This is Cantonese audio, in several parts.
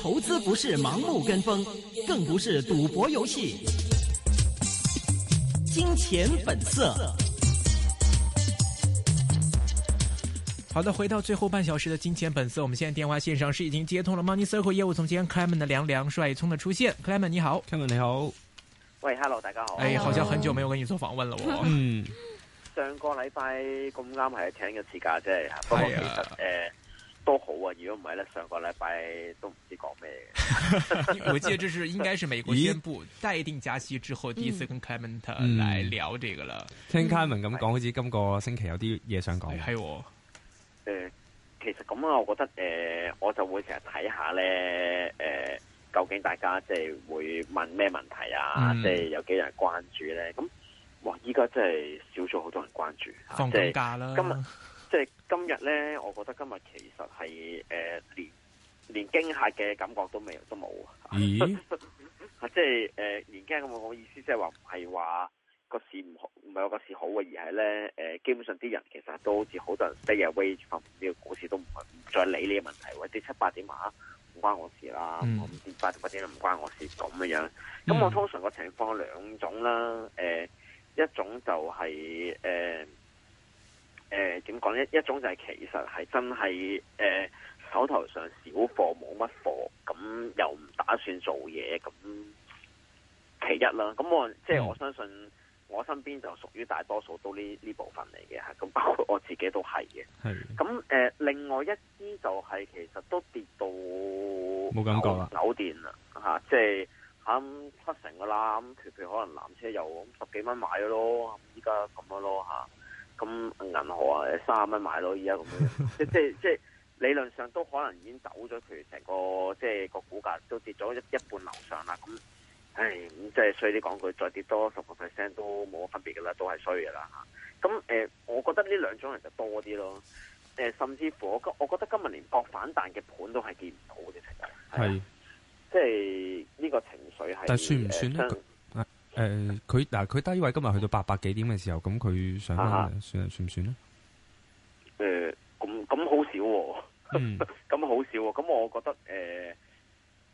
投資不是盲目跟風，yeah, yeah, 更不是賭博遊戲。金錢本色。色好的，回到最後半小時的金錢本色，我們現在電話線上是已經接通了 Money Circle 業務總監 Clement 的梁梁帥聰的出現。Clement 你好，Clement 你好，喂、hey, oh,，Hello，大家好。哎，好像很久沒有跟你做訪問了我。Mm hmm. 上個禮拜咁啱係請嘅時間啫，不過其實誒。都好啊！如果唔係咧，上個禮拜都唔知講咩。我記得就係應該是美國宣布待定加息之後，第一次跟 Clement 嚟聊啲噶啦。聽 Clement 咁講，好似今個星期有啲嘢想講。係誒，其實咁啊，我覺得誒，我就會成日睇下咧誒，究竟大家即係會問咩問題啊？即係有幾多人關注咧？咁哇，依家真係少咗好多人關注。放假啦！今日。今日咧，我覺得今日其實係誒、呃、連連驚嚇嘅感覺都未都冇啊！嚇，即係誒連驚咁，我意思即係話唔係話個市唔好，唔係我個市好啊，而係咧誒基本上啲人其實都好似好多人 stay away from 呢個股市，都唔再理呢個問題或者、哎、七八點啊，唔關我事啦！跌、嗯、八點八點都唔關我事咁嘅樣。咁、嗯嗯、我通常個情況有兩種啦，誒、呃、一種就係、是、誒。呃誒，點講、呃、一一種就係其實係真係誒、呃，手頭上少貨冇乜貨，咁、嗯、又唔打算做嘢，咁、嗯、其一啦。咁、嗯、我即係我相信我身邊就屬於大多數都呢呢部分嚟嘅吓，咁包括我自己都係嘅。係的。咁誒、呃，另外一啲就係其實都跌到冇感覺啦，酒店啦吓，即係啱屈成噶啦，咁、嗯嗯、譬如可能纜車又、嗯、十幾蚊買咯，依家咁樣咯吓。啊咁、嗯、銀行啊，三十蚊買咯，依家咁樣， 即即即理論上都可能已經走咗譬如成個，即係個股價都跌咗一一半樓上啦。咁，唉，咁即係衰啲講句，再跌多十個 percent 都冇分別噶啦，都係衰噶啦。咁、啊、誒、嗯呃，我覺得呢兩種人就多啲咯。誒、呃，甚至乎我覺，我覺得今日連博反彈嘅盤都係見唔到嘅其實。係是、哎，即係呢、呢個情緒係。但係算唔算誒，佢嗱佢低位今日去到八百幾點嘅時候，咁佢上翻嚟算算唔算咧？誒、呃，咁咁好少、哦，咁咁好少、哦，咁我覺得誒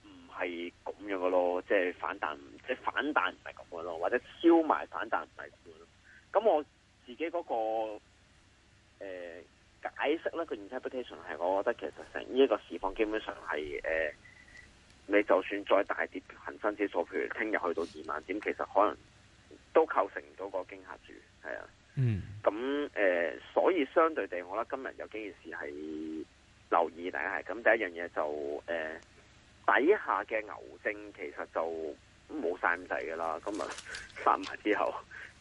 唔係咁樣嘅咯，即係反彈，即係反彈唔係咁嘅咯，或者超埋反彈唔係咁嘅咯。咁我自己嗰、那個誒、呃、解釋咧佢 interpretation 係，我覺得其實成呢一個市況基本上係誒。呃你就算再大跌，恒生指數譬如聽日去到二萬點，其實可能都構成唔到個驚嚇住，係啊，嗯，咁誒、呃，所以相對地，我覺得今日有幾件事係留意，大家係，咁第一樣嘢就誒，底下嘅牛證其實就冇晒咁滯噶啦，今日殺埋之後，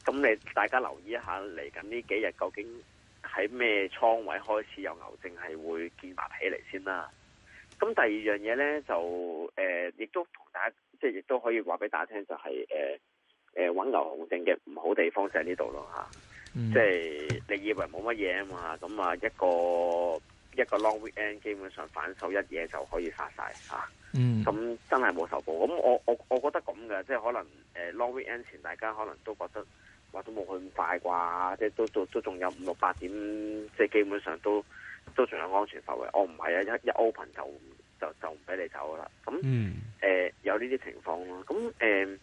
咁你大家留意一下，嚟緊呢幾日究竟喺咩倉位開始有牛證係會建立起嚟先啦。咁第二樣嘢咧就誒，亦、呃、都同大家即係亦都可以話俾大家聽，就係誒誒揾牛熊證嘅唔好地方就喺呢度咯嚇，啊嗯、即係你以為冇乜嘢啊嘛，咁啊一個一個 long weekend 基本上反手一嘢就可以殺曬嚇，咁、啊嗯啊、真係冇受報。咁、啊、我我我覺得咁嘅，即係可能誒、呃、long weekend 前大家可能都覺得話都冇去咁快啩，即係都都都仲有五六八點，即係基本上都。都仲有安全範圍，我唔係啊，一一 open 就就就唔俾你走啦。咁誒、嗯呃、有呢啲情況咯。咁誒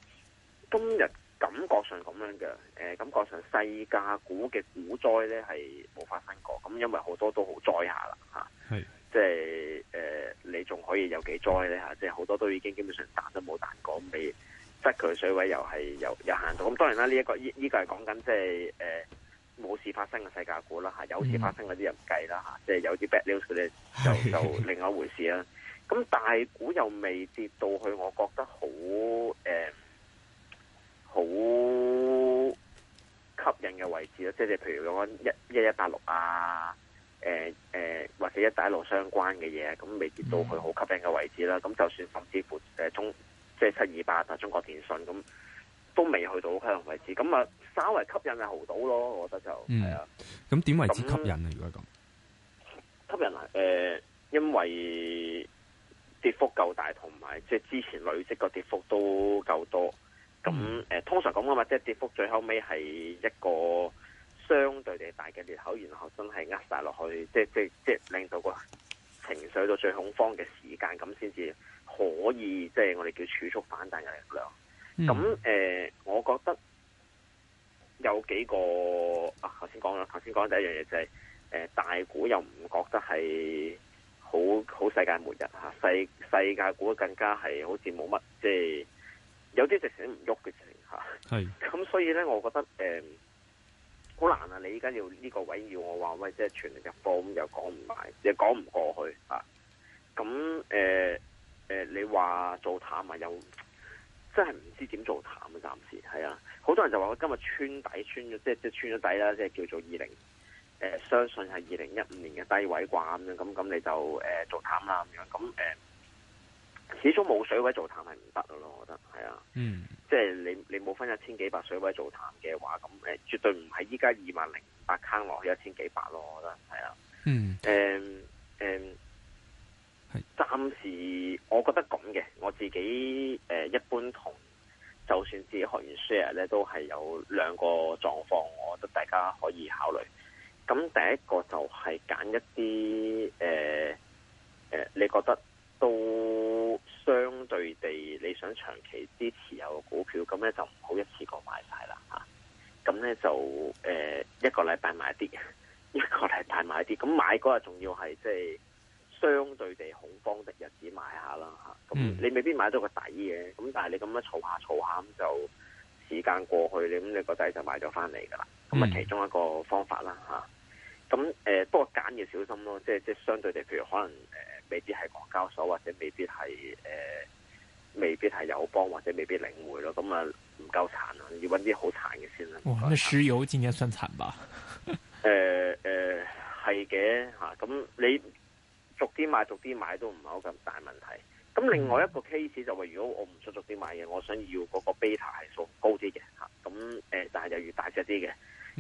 今日感覺上咁樣嘅，誒、呃、感覺上細價股嘅股災咧係冇發生過。咁因為好多都好災下啦吓，啊、是即係誒、呃、你仲可以有幾災咧吓？即係好多都已經基本上彈都冇彈過，咁俾擠佢水位又係有有限度。咁當然啦，呢、這、一個依依、這個係講緊即係誒。呃冇事發生嘅世界股啦嚇，有事發生嗰啲又唔計啦嚇，嗯、即係有啲 bad news 佢哋就就另外一回事啦。咁 大股又未跌到去，我覺得好誒好吸引嘅位置啦。即係你譬如講一一一八六啊，誒、呃、誒、呃、或者一帶一路相關嘅嘢，咁未跌到去好吸引嘅位置啦。咁、嗯、就算甚至乎誒、呃、中即係七二八啊，中國電信咁。都未去到嗰個位置，咁啊，稍微吸引嘅豪到咯，我覺得就係啊。咁點、嗯、的為之吸引啊？如果咁吸引啊？誒、呃，因為跌幅夠大，同埋即係之前累積個跌幅都夠多。咁誒、嗯呃，通常講嘅嘛，即係跌幅最後尾係一個相對地大嘅裂口，然後真係呃晒落去，即係即係即係令到個情緒到最恐慌嘅時間，咁先至可以即係我哋叫儲蓄反彈嘅力量。咁誒、嗯呃，我覺得有幾個啊，頭先講啦，頭先講第一樣嘢就係、是、誒、呃、大股又唔覺得係好好世界末日嚇、啊，世世界股更加係好似冇乜，即、就、係、是、有啲直情唔喐嘅情況。係、啊、咁，是啊、所以咧，我覺得誒好、呃、難啊！你依家要呢個位要我話喂，即係全力入貨咁又講唔埋，又講唔過去啊！咁誒誒，你話做淡啊又？真係唔知點做淡啊！暫時係啊，好多人就話我今日穿底穿咗，即係即係穿咗底啦，即係叫做二零誒，相信係二零一五年嘅低位啩咁樣，咁咁你就誒、呃、做淡啦咁樣，咁誒、呃、始終冇水位做淡係唔得咯，我覺得係啊，嗯即，即係你你冇分一千幾百水位做淡嘅話，咁誒、呃、絕對唔係依家二萬零八坑落去一千幾百咯，我覺得係啊嗯嗯，嗯，誒、嗯，誒。是暫時我覺得咁嘅，我自己誒、呃，一般同就算自己學完 share 咧，都係有兩個狀況，我覺得大家可以考慮。咁第一個就係揀一啲誒誒，你覺得都相對地，你想長期支持有股票，咁咧就唔好一次過買晒啦吓。咁、啊、咧就誒、呃，一個禮拜買啲，一個禮拜買啲。咁買嗰日仲要係即係。就是相對地恐慌的日子買下啦，吓咁、嗯啊、你未必買到個底嘅。咁但係你咁樣炒下炒下咁就時間過去你咁你個底就買咗翻嚟噶啦。咁啊，其中一個方法啦，吓咁誒。不過揀要小心咯，即係即係相對地，譬如可能誒、呃、未必係港交所，或者未必係誒、呃、未必係友邦，或者未必領匯咯。咁啊唔夠殘啊，要搵啲好殘嘅先啦。哇，咁石油今年算慘吧？誒 誒、呃，係嘅吓。咁、呃、你。逐啲買，逐啲買都唔係好咁大問題。咁另外一個 case 就話、係，如果我唔想逐啲買嘢，我想要嗰個 beta 係數高啲嘅嚇。咁誒、呃，但係又要大隻啲嘅。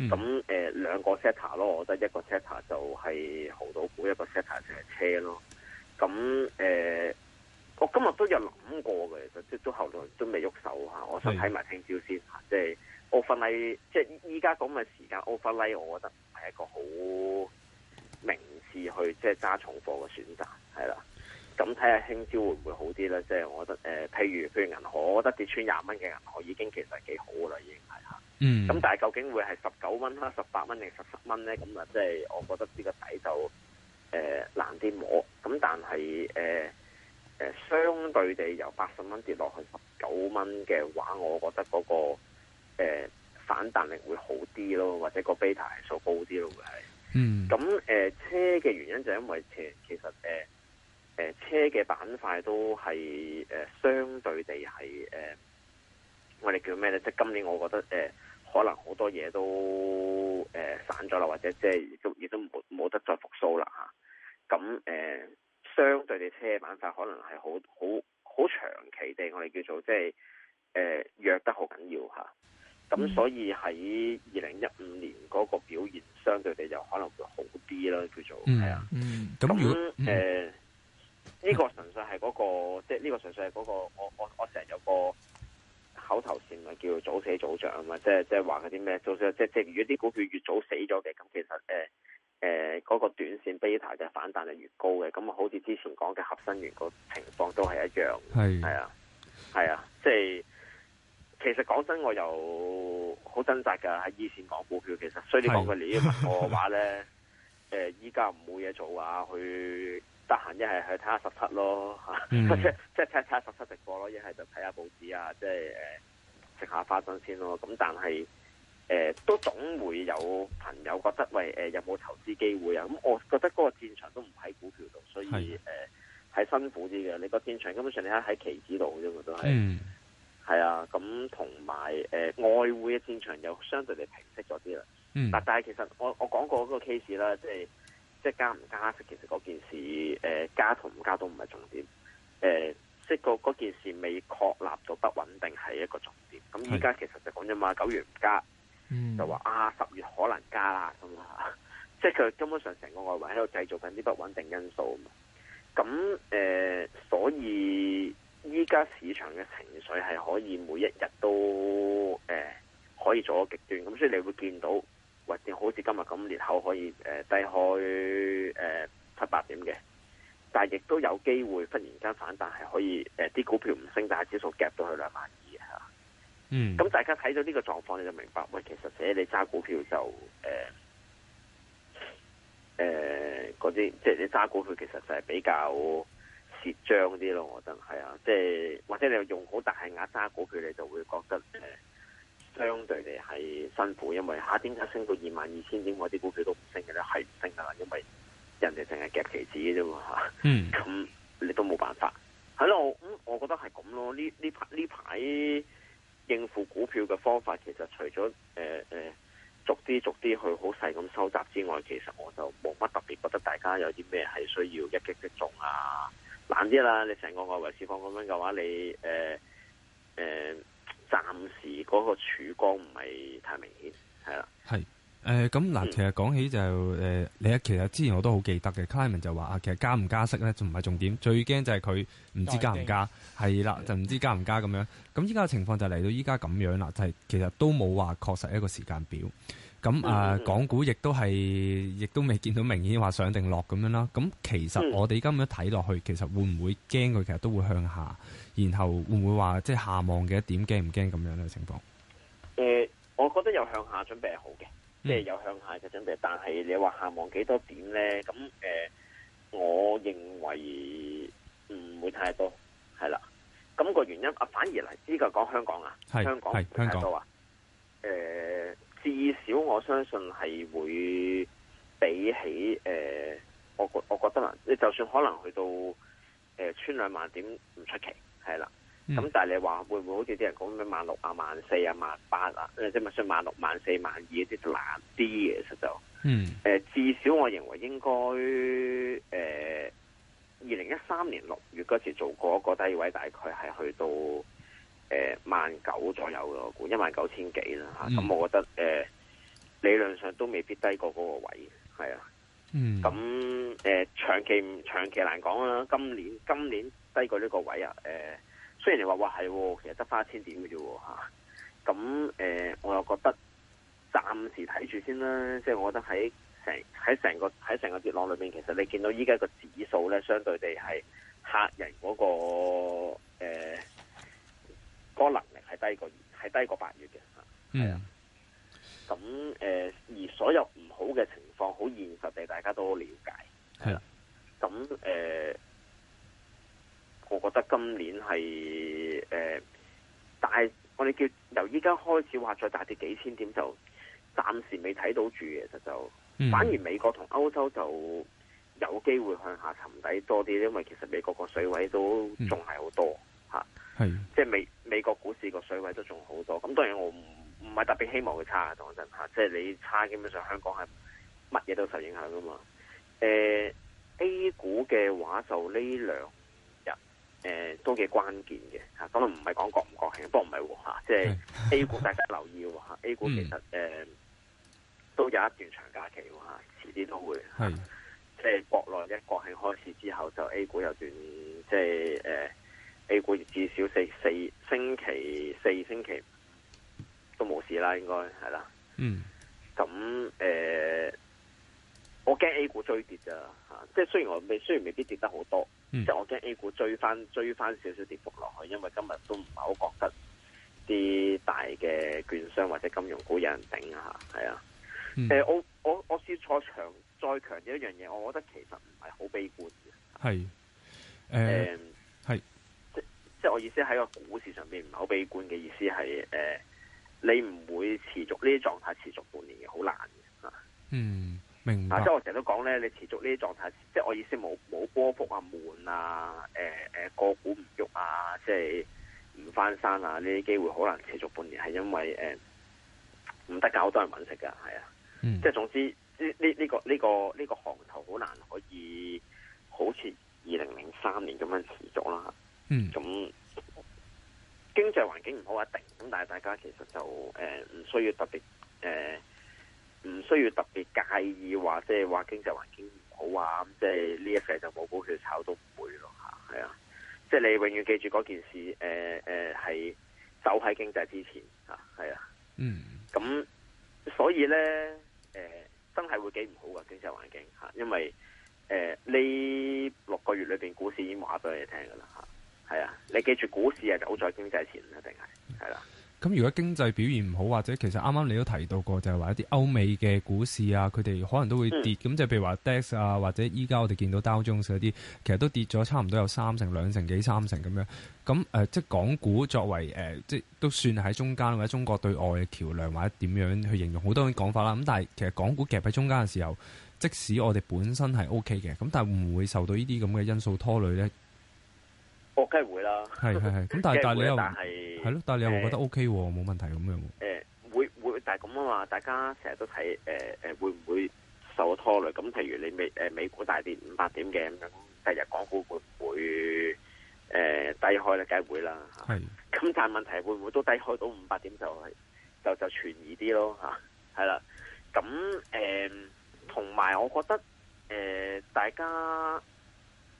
咁誒兩個 setter 咯，我覺得一個 setter 就係濠賭股，一個 setter 就係車咯。咁誒、呃，我今日都有諗過嘅，其實即係都後來都未喐手嚇。我想睇埋聽朝先嚇。的即係 overlay 即係依家咁嘅時間，overlay，我覺得係一個好明。去是去即係揸重貨嘅選擇係啦，咁睇下聽朝會唔會好啲咧？即係我覺得，誒、呃，譬如譬如銀行，我覺得跌穿廿蚊嘅銀行已經其實幾好噶啦，已經係吓。嗯。咁但係究竟會係十九蚊啦，十八蚊定十七蚊咧？咁啊，即係我覺得呢個底就誒、呃、難啲摸。咁但係誒誒，相對地由八十蚊跌落去十九蚊嘅話，我覺得嗰、那個誒、呃、反彈力會好啲咯，或者個 beta 系數高啲咯，會係。嗯，咁誒、呃，車嘅原因就因為其其實誒誒、呃，車嘅板塊都係誒、呃、相對地係誒，我哋叫咩咧？即、就、係、是、今年我覺得誒、呃，可能好多嘢都誒、呃、散咗啦，或者即係亦都亦都冇冇得再復蘇啦吓。咁、啊、誒、呃，相對地車嘅板塊可能係好好好長期地，我哋叫做即係誒弱得好緊要吓。啊。咁所以喺二零一五年嗰個表現，相對地就可能會好啲啦，叫做係啊。嗯，咁如果誒呢個純粹係嗰個，即係呢個純粹係嗰個 個，我我我成日有個口頭禪咪叫早死早著啊嘛，即係即係話嗰啲咩，早著即係如果啲股票越早死咗嘅，咁其實誒誒嗰個短線 beta 嘅反彈係越高嘅，咁啊好似之前講嘅合生元個情況都係一樣，係係啊，係啊，即係。 其實講真我又好掙扎噶，喺二線講股票，其實所以講個呢個話咧，誒依家唔冇嘢做啊，去得閒一係去睇下十七咯，吓、嗯、 即係睇睇下十七直播咯，一係就睇下報紙啊，即係誒食下花生先咯。咁但係誒、呃、都總會有朋友覺得喂誒、呃、有冇投資機會啊？咁、嗯、我覺得嗰個戰場都唔喺股票度，所以誒係是、呃、辛苦啲嘅。你個戰場根本上你喺喺期指度啫嘛，都係。嗯係啊，咁同埋誒外匯嘅戰場又相對地平息咗啲啦。但但係其實我我講過嗰個 case 啦、就是，即係即係加唔加息，其實嗰件事誒、呃、加同唔加都唔係重點。誒、呃，即係個嗰件事未確立到不穩定係一個重點。咁依家其實就講咗嘛，九月唔加，嗯、就話啊十月可能加啦咁啊，即係佢根本上成個外匯喺度製造緊啲不穩定因素啊嘛。咁誒、呃，所以。依家市場嘅情緒係可以每一日都誒、呃、可以做個極端，咁所以你會見到或者、呃、好似今日咁裂口可以誒、呃、低開誒、呃、七八點嘅，但係亦都有機會忽然間反彈係可以誒啲、呃、股票唔升，但係指數夾到去兩萬二嚇。嗯，咁大家睇到呢個狀況你就明白，喂、呃、其實寫你揸股票就誒誒嗰啲，即、呃、係、呃就是、你揸股票，其實就係比較截章啲咯，我覺得係啊，即係或者你有用好大額揸股票，你就會覺得誒、呃，相對嚟係辛苦，因為吓，點解升到二萬二千點，我啲股票都唔升嘅咧，係唔升噶啦，因為人哋淨係夾旗子嘅啫嘛吓，咁 你都冇辦法。係、嗯、咯，我覺得係咁咯。呢呢呢排應付股票嘅方法，其實除咗誒誒逐啲逐啲去好細咁收集之外，其實我就冇乜特別覺得大家有啲咩係需要一擊即中啊。難啲啦，你成個外圍市況咁樣嘅話，你誒誒，暫、呃呃、時嗰個曙光唔係太明顯，係啦。係誒，咁、呃、嗱，其實講起就誒、是呃，你啊，其實之前我都好記得嘅 Clement 就話啊，其實加唔加息咧，就唔係重點，最驚就係佢唔知加唔加，係的啦，就唔知加唔加咁樣。咁依家嘅情況就嚟到依家咁樣啦，就係、是、其實都冇話確實一個時間表。咁啊，港股亦都係，亦都未見到明顯話上定落咁樣啦。咁其實我哋今日睇落去，其實會唔會驚佢其實都會向下，然後會唔會話即係下望嘅一點驚唔驚咁樣嘅情況？誒，我覺得有向下準備係好嘅，即係有向下嘅準備。但係你話下望幾多點咧？咁誒，我認為唔會太多，係啦。咁個原因啊，反而嚟呢個講香港啊，香港香港多啊，誒。至少我相信係會比起誒、呃，我覺我覺得啦，你就算可能去到誒穿，呃、兩萬點唔出奇，係啦。咁、嗯、但係你話會唔會好似啲人講咩萬六啊、萬四啊、萬八啊，即係咪算萬六、萬四、萬二嗰啲就難啲嘅？其實就，誒、嗯呃，至少我認為應該誒，二零一三年六月嗰時做過一個低位，大概係去到。誒，萬九左右咯，估一萬九千幾啦吓，咁我覺得誒、呃，理論上都未必低過嗰個位，係啊，咁誒、mm. 呃，長期唔長期難講啦。今年今年低過呢個位啊，誒、呃，雖然你話哇係，其實得翻一千點嘅啫，吓、啊，咁誒、呃，我又覺得暫時睇住先啦。即、就、係、是、我覺得喺成喺成個喺成個跌浪裏邊，其實你見到依家個指數咧，相對地係客人嗰、那個。呢個係低過八月嘅吓，嗯，咁誒、呃，而所有唔好嘅情況，好現實地，大家都了解，係啦、嗯，咁誒、呃，我覺得今年係誒、呃，但係我哋叫由依家開始話再大跌幾千點，就暫時未睇到住，其實就就、嗯、反而美國同歐洲就有機會向下沉底多啲，因為其實美國個水位都仲係好多。嗯嗯吓，係是，即係美美國股市個水位都仲好多，咁當然我唔唔係特別希望佢差啊，講真吓，即係你差，基本上香港係乜嘢都受影響噶嘛。誒、呃、A 股嘅話就呢兩日誒、呃、都幾關鍵嘅吓，當然唔係講國唔國慶，不過唔係吓，即係 A 股大家留意嘅吓、啊、 ，A 股其實誒、呃、都有一段長假期喎吓，遲、啊、啲都會是、啊、即係國內咧國慶開始之後就 A 股有段即係誒。呃 A 股至少四四星，四星期四星期五都冇事啦，應該係啦。嗯，咁誒、呃，我驚 A 股追跌噶吓、啊，即係雖然我未，雖然未必跌得好多，即係、嗯、我驚 A 股追翻追翻少少跌幅落去，因為今日都唔係好覺得啲大嘅券商或者金融股有人頂啊吓，係啊。誒、嗯呃，我我我先再強再強調一樣嘢，我覺得其實唔係好悲觀嘅。係誒。即係我意思喺個股市上邊唔係好悲觀嘅意思係誒、呃，你唔會持續呢啲狀態持續半年嘅，好難嘅。嗯，明白。啊、即係我成日都講咧，你持續呢啲狀態，即係我意思冇冇波幅啊，悶、呃、啊，誒誒，個股唔喐啊，即係唔翻山啊，呢啲機會好難持續半年，係因為誒唔得搞好多人揾食噶，係、呃、啊。嗯、即係總之，呢呢呢個呢、呢個呢、呢個呢個行頭好難可以好似二零零三年咁樣持續啦。嗯，咁經濟環境唔好一定，咁但係大家其實就誒唔、呃、需要特別誒唔需要特別介意話即係話經濟環境唔好啊，咁即係呢一世就冇股票炒都唔會咯吓，係啊，即係你永遠記住嗰件事，誒誒係走喺經濟之前吓，係啊，嗯,嗯，咁所以咧誒、呃、真係會幾唔好噶經濟環境吓，因為誒呢六個月裏邊股市已經話俾你聽噶啦吓。嗯係啊，你記住股市係走在經濟前啦，定係係啦。咁、嗯、如果經濟表現唔好，或者其實啱啱你都提到過，就係、是、話一啲歐美嘅股市啊，佢哋可能都會跌。咁、嗯、就譬如話 DAX 啊，或者依家我哋見到 Dow Jones 嗰啲，其實都跌咗差唔多有三成、兩成幾、三成咁樣。咁、嗯、誒、呃，即係港股作為誒、呃，即都算喺中間或者中國對外嘅橋梁，或者點樣去形容好多種講法啦。咁但係其實港股夾喺中間嘅時候，即使我哋本身係 OK 嘅，咁但係會唔會受到呢啲咁嘅因素拖累咧？哦，梗係會啦，係係係，咁但係但係你又係咯，但係你又會覺得 OK 冇問題咁樣。誒，會會，但係咁啊嘛，大家成日都睇誒誒，會唔會受拖累？咁譬如你美誒、呃、美股大跌五百點嘅咁，第日港股會唔會誒、呃、低開咧？梗係會啦，係、嗯。咁但係問題會唔會都低開到五百點就係就就存疑啲咯？吓、啊，係啦、啊。咁誒，同埋我覺得誒、呃，大家。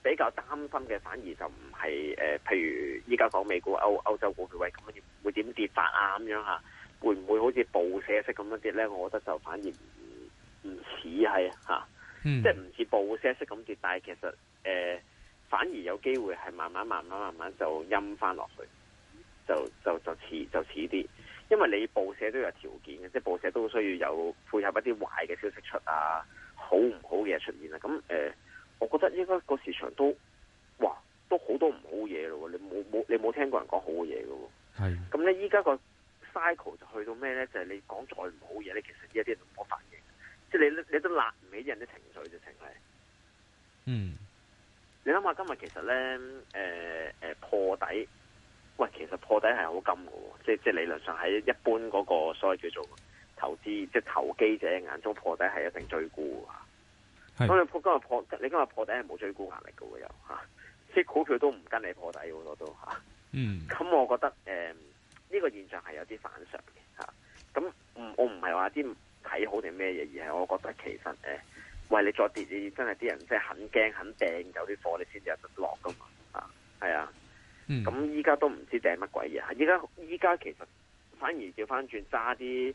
比較擔心嘅反而就唔係誒，譬如依家講美股、歐歐洲股佢會點會點跌法啊咁樣嚇，會唔會好似暴瀉式咁樣跌咧？我覺得就反而唔唔似係嚇，啊嗯、即係唔似暴瀉式咁跌。但係其實誒、呃，反而有機會係慢慢、慢慢、慢慢就陰翻落去，就就就似就似啲，因為你暴瀉都有條件嘅，即係暴瀉都需要有配合一啲壞嘅消息出啊，好唔好嘅嘢出現啊，咁、呃、誒。我覺得應該個市場都，哇，都好多唔好嘢咯，你冇冇你冇聽過人講好嘅嘢嘅，係的。咁咧，依家個 cycle 就去到咩咧？就係、是、你講再唔好嘢，你其實依一啲都唔冇反應，即係你你都立唔起啲人的情緒就情況。嗯。你諗下今日其實咧，誒、呃、誒、呃、破底，喂，其實破底係好金嘅，即即係理論上喺一般嗰個所謂叫做投資即係投機者眼中破底係一定追沽啊。咁是你今日破，你今日破底係冇追高壓力嘅喎，又即係啲股票都唔跟你破底喎，都嚇、啊嗯。嗯，咁我覺得誒，呢個現象係有啲反常嘅嚇。咁、啊、唔、嗯，我唔係話啲睇好定咩嘢，而係我覺得其實誒，喂、啊、你再跌，你真係啲人即係肯驚肯掟有啲貨，你先至落㗎嘛啊，係啊。咁依家都唔知掟乜鬼嘢，依家依家其實反而叫翻轉揸啲。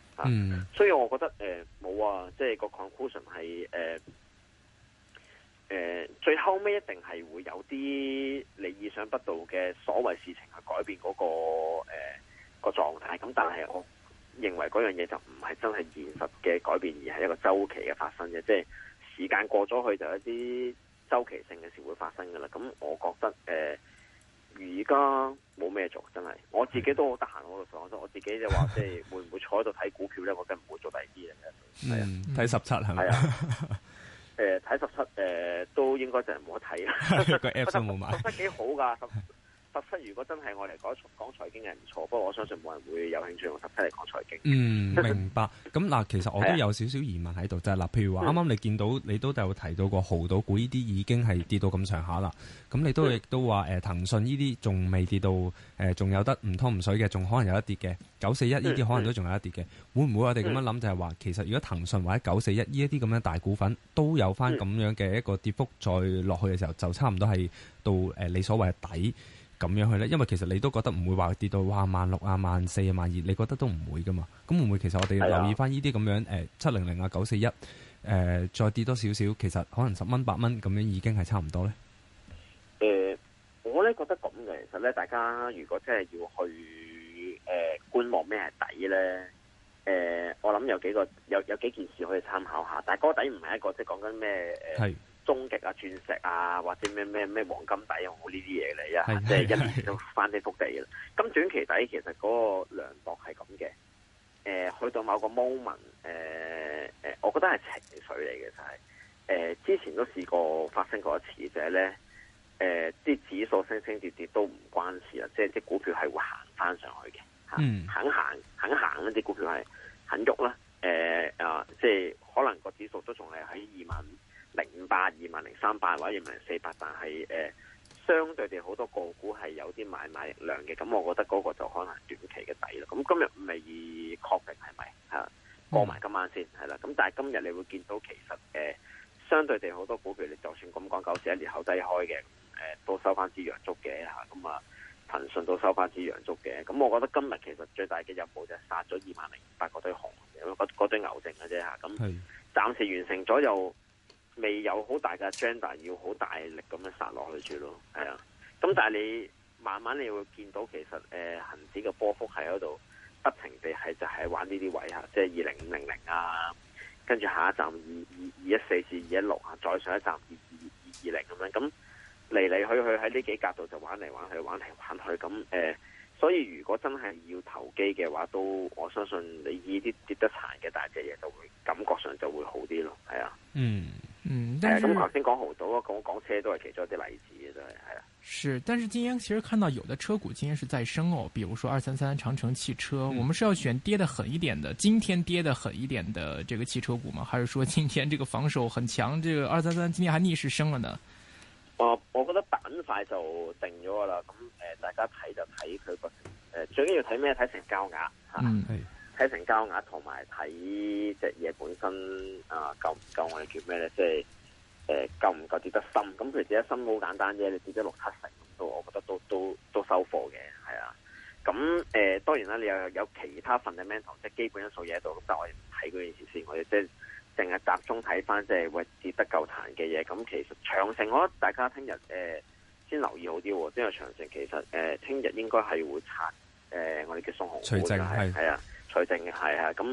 嗯，所以我覺得誒，冇、呃、啊，即係個 conclusion 係誒誒、呃呃，最後屘一定係會有啲你意想不到嘅所謂事情，去改變嗰、嗰個誒、呃嗰個狀態。咁但係我認為嗰樣嘢就唔係真係現實嘅改變，而係一個周期嘅發生嘅，即係時間過咗去就一啲周期性嘅事會發生噶啦。咁我覺得誒。呃而家冇咩做，真係我自己都好得閒，我喺度做，我得我自己就話，即係會唔會坐喺度睇股票咧？我梗唔會做第二啲嘅，係 啊，睇十七係咪啊？誒、呃，睇十七誒，都應該就係冇得睇啦，個 app 都冇買，十七幾好噶。十七，如果真係我嚟講講財經係唔錯，不過我相信冇人會有興趣用十七嚟講財經。嗯，明白。咁嗱， 其實我都有少少疑問喺度，就係嗱，譬如話啱啱你見到、嗯、你都有提到過濠，濠賭股呢啲已經係跌到咁上下啦。咁你都亦都話誒，嗯、騰訊呢啲仲未跌到誒，仲、呃、有得唔湯唔水嘅，仲可能有一跌嘅九四一呢啲可能都仲有一跌嘅。會唔會我哋咁樣諗就係、是、話，其實如果騰訊或者九四一呢一啲咁樣大股份都有翻咁樣嘅一個跌幅再落去嘅時候，就差唔多係到誒你所謂嘅底。咁樣去咧，因為其實你都覺得唔會話跌到哇萬六啊萬四啊萬二，00, 你覺得都唔會噶嘛？咁會唔會其實我哋留意翻呢啲咁樣誒七零零啊九四一誒再跌多少少，其實可能十蚊八蚊咁樣已經係差唔多咧。誒、呃，我咧覺得咁嘅，其實咧大家如果真係要去誒、呃、觀望咩係底咧，誒、呃、我諗有幾個有有幾件事可以參考下，但係嗰個底唔係一個即係講緊咩誒。係終極啊，鑽石啊，或者咩咩咩黃金底啊，冇呢啲嘢嚟啊， 即係一年都翻啲覆地嘅啦。咁短期底其實嗰個量度係咁嘅。誒、呃，去到某個 moment，誒誒，我覺得係情緒嚟嘅，就係、是、誒、呃、之前都試過發生過一次，就係咧誒啲指數升升跌跌都唔關事啦，即係啲股票係會行翻上去嘅嚇、嗯，肯行肯行嗰啲股票係肯喐啦。誒啊、呃呃，即係可能個指數都仲係喺二萬，零五八、二萬零三百或者二萬零四百，但係誒、呃，相對地好多個股係有啲買賣力量嘅，咁我覺得嗰個就可能短期嘅底啦。咁今日唔係確定係咪嚇？過埋、嗯、今晚先係啦。咁但係今日你會見到其實誒、呃，相對地好多股票，你就算咁講，九市一裂口低開嘅誒，都收翻支陽燭嘅嚇。咁啊，啊、嗯、啊，騰訊都收翻支陽燭嘅。咁、啊、我覺得今日其實最大嘅任務就係殺咗二萬零八嗰堆熊，有嗰堆牛剩嘅啫嚇。咁、那個那個暫，嗯、暫，暫時完成咗又。未有好大嘅 gender，要好大力咁樣殺落去住咯，係啊。咁但係你慢慢你會見到，其實誒、呃、恒指嘅波幅喺嗰度不停地係就係玩呢啲位吓、啊，即係二零五零零啊，跟住下一站二二二一四至二一六啊，再上一站二二二二零咁樣，咁嚟嚟去去喺呢幾格度就玩嚟玩去，玩嚟玩去咁誒、啊。所以如果真係要投機嘅話，都我相信你呢啲跌得殘嘅大隻嘢，就會感覺上就會好啲咯，係啊，嗯。嗯，但係咁頭先講好多，講講車都係其中一啲例子嘅，都係係啦。是，但是今天其實看到有的車股今天是在升哦，比如說二三三長城汽車，嗯、我們是要選跌得狠一點的，今天跌得狠一點的這個汽車股嗎？還是說今天這個防守很強，這個二三三今天還逆勢升了呢？哦，我覺得板塊就定咗啦，咁誒，大家睇就睇佢個誒，最緊要睇咩？睇成交額，嗯。哎睇成交額同埋睇隻嘢本身啊，夠唔夠？我哋叫咩咧？即係誒，夠唔夠跌得深？咁佢跌得深好簡單啫，你跌咗六七成，咁都我覺得都都都收貨嘅，係啊。咁、嗯、誒、呃，當然啦，你又有，有其他份嘅 m e n 即係基本因素嘢喺度，就我哋睇嗰件事先，我哋即係淨係集中睇翻，即係會跌得夠彈嘅嘢。咁、嗯、其實長城，我覺得大家聽日誒先留意好啲喎，因為長城其實誒聽日應該係會拆，誒、呃、我哋叫宋紅。徐啊正。財政嘅係啊，咁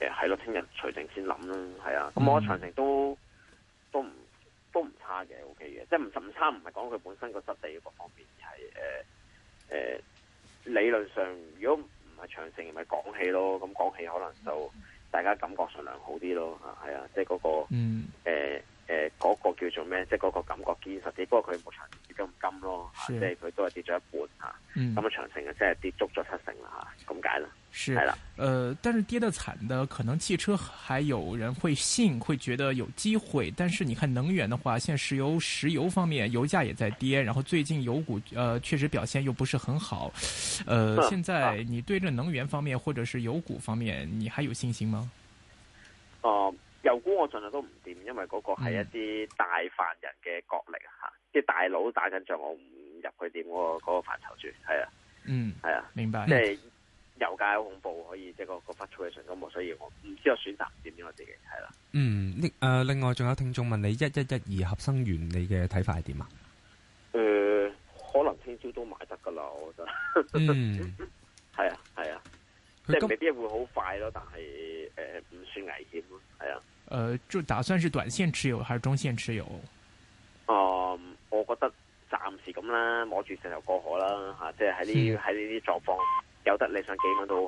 誒喺度聽日財政先諗咯，係啊，咁、啊嗯、我長城都都唔都唔差嘅，OK 嘅，即係唔咁差，唔係講佢本身個質地嗰方面係誒誒理論上，如果唔係長城，咪廣汽咯，咁廣汽,汽可能就大家感覺上良好啲咯，嚇係啊，即係、那、嗰個誒誒、嗯呃呃那個、叫做咩，即係嗰個感覺堅實啲。不過佢冇長城跌咁金咯，嚇、啊，即係佢都係跌咗一半嚇，咁長城啊，即係跌足咗七成啦嚇，咁解啦。啊啊啊啊是，呃，但是跌得慘的，可能汽車還有人會信，會覺得有機會。但是你看能源的話，現在石油、石油方面，油價也在跌，然後最近油股，呃，確實表現又不是很好。呃，啊、現在你對着能源方面或者是油股方面，你還有信心嗎？哦、呃，油股我盡量都唔掂，因為嗰個係一啲大凡人嘅角力吓，即係、嗯啊就是、大佬打緊仗，我唔入去掂嗰個個範疇住，係啦，嗯，係啊的，明白，嗯。油價好恐怖，可以即係個個發出嘅上門，所以我唔知我選擇點樣，我自己係啦。嗯，誒，另外仲有聽眾問你一一一二合生元，你嘅睇法係點啊？誒、呃，可能聽朝都買得噶啦，我覺得。嗯，係 啊，係啊，即係未必會好快咯，但係誒唔算危險咯，係啊。誒、呃，就打算是短線持有還是中線持有？哦、呃，我覺得暫時咁啦，摸住石頭過河啦，吓、啊，即係喺呢喺呢啲狀況。有得你上幾蚊到。